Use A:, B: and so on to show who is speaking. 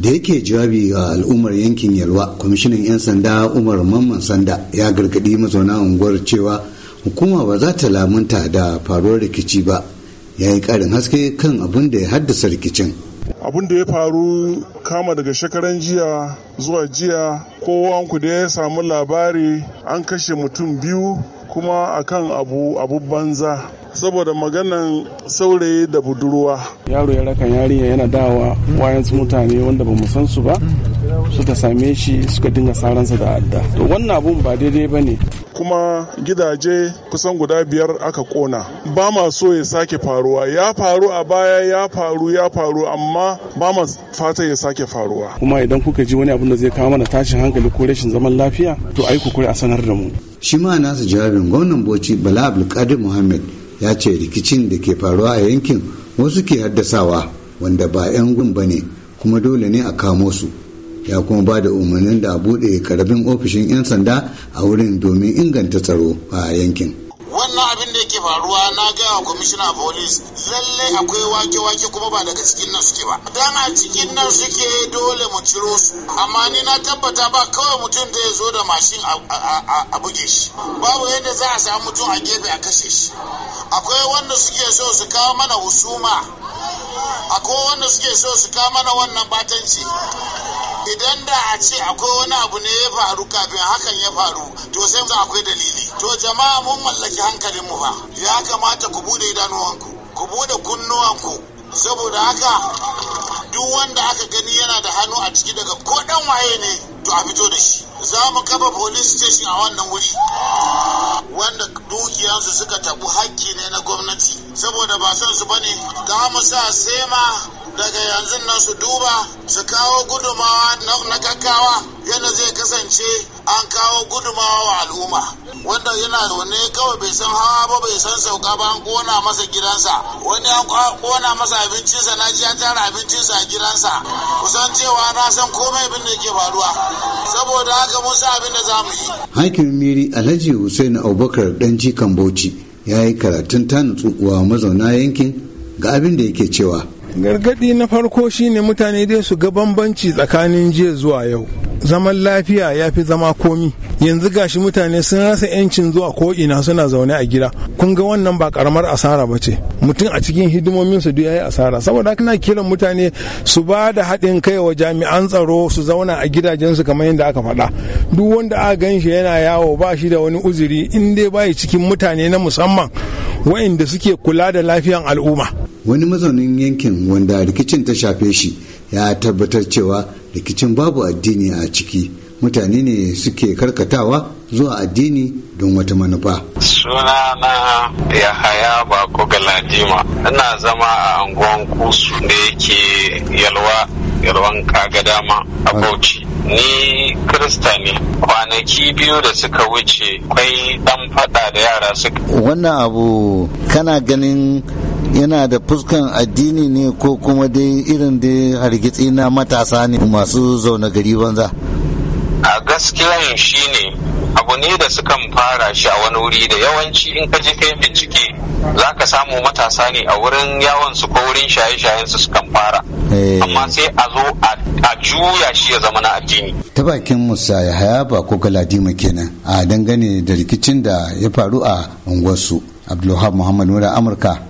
A: da yake jawabi ga al'ummar yankin yalwa kwamishinan 'yan sanda umar mamman sanda ya gargadi mazauna unguwar cewa hukuma ba za ta lamunta da faruwar rikici ba ya yi karin haske kan abin da ya haddasa rikicin
B: abin da ya faru kama daga shekaran jiya zuwa jiya kowanku da ya samu labari an kashe mutum biyu kuma akan abu abu banza saboda maganan saurayi da budurwa yaro ya rakan yarinya yana dawa wayansu mutane wanda ba mu san su ba suka same shi suka dinga saransa da adda to wannan abun ba daidai ba ne kuma gidaje kusan guda biyar aka kona ba ma so ya sake faruwa ya faru a baya ya faru ya faru amma ba ma fata ya sake faruwa kuma idan kuka ji wani abun da zai kawo mana tashin hankali ko rashin zaman lafiya
A: to ai ku a sanar da mu shi ma nasu jawabin gwamnan bauchi bala abdulkadir muhammad ya ce rikicin da ke faruwa a yankin wasu ke haddasawa wanda ba 'yan gun ba ne kuma dole ne a kamo su ya kuma ba da umarnin da a buɗe karabin ofishin 'yan sanda a wurin domin inganta tsaro a yankin.
B: wannan abin da yake faruwa na gaya wa kwamishina police lalle akwai wake-wake kuma ba daga cikin nan suke ba dan a cikin nan suke dole mu ciro su amma ni na tabbata ba kawai mutum da ya zo da mashin a buge shi babu yadda za a samu mutum a gefe a kashe shi akwai wanda suke so su kawo mana husuma akwai wanda suke so su kawo mana wannan batanci idan da a ce akwai wani abu ne ya faru kafin hakan ya faru to sai mu akwai dalili to jama'a mun mallaki hankalin mu fa ya kamata ku bude idanuwanku ku bude kunnuwanku saboda haka duk wanda aka gani yana da hannu a ciki daga ko dan waye ne to a fito da shi za mu kafa police station a wannan wuri wanda dukiyansu suka tabu hakki ne na gwamnati saboda ba son su bane za mu sa sema daga yanzu nan su duba su kawo gudumawa na gaggawa yadda zai kasance an kawo gudumawa wa al'umma wanda yana zaune kawai bai san hawa ba bai san sauka ba an kona masa gidansa wani an kona masa abincinsa na ji an tara abincinsa a gidansa kusan cewa na san komai abin da ke faruwa saboda haka mun sa abin da za yi
A: hakimin miri alhaji hussein abubakar dan jikan bauchi ya yi karatun tanutsu wa mazauna yankin ga abin da yake cewa gargadi na farko shine mutane dai su ga
B: bambanci tsakanin jiya zuwa yau zaman lafiya ya fi zama komi yanzu gashi mutane sun rasa yancin zuwa ko ina suna zaune a gida kun ga wannan ba karamar asara ba ce mutum a cikin hidimomin su ya yi asara saboda kana kiran mutane su ba da haɗin kai wa jami'an tsaro su zauna a gidajensu kamar yadda aka faɗa duk wanda aka gan shi yana yawo
A: ba shi da wani uzuri in dai bai cikin mutane na musamman wa'inda suke kula da lafiyan al'umma wani mazaunin yankin wanda rikicin ta shafe shi ya tabbatar cewa rikicin babu addini a ciki mutane ne suke karkatawa zuwa addini don wata manufa.
B: Suna na Yahaya ko Galadima, ina zama a anguwan kusu da yake yalwa yalwan kaga dama a Bauchi. Ni Kirista ne kwanaki biyu da suka wuce kwai dan
A: fada da yara suka. Wannan abu kana ganin yana da fuskan addini ne ko kuma dai irin da hargitsi na matasa ne masu zaune gari banza a gaskiyan shine abu ne
B: da sukan fara shi a wani wuri da yawanci in ka je kai bincike za ka samu matasa ne a wurin yawon su ko wurin shaye-shayen su sukan fara eh. amma sai a zo a juya shi ya zama na addini
A: ta bakin musa ya haya ba ko galadima kenan a dangane da rikicin da ya faru a unguwarsu abdulhab muhammad nura amurka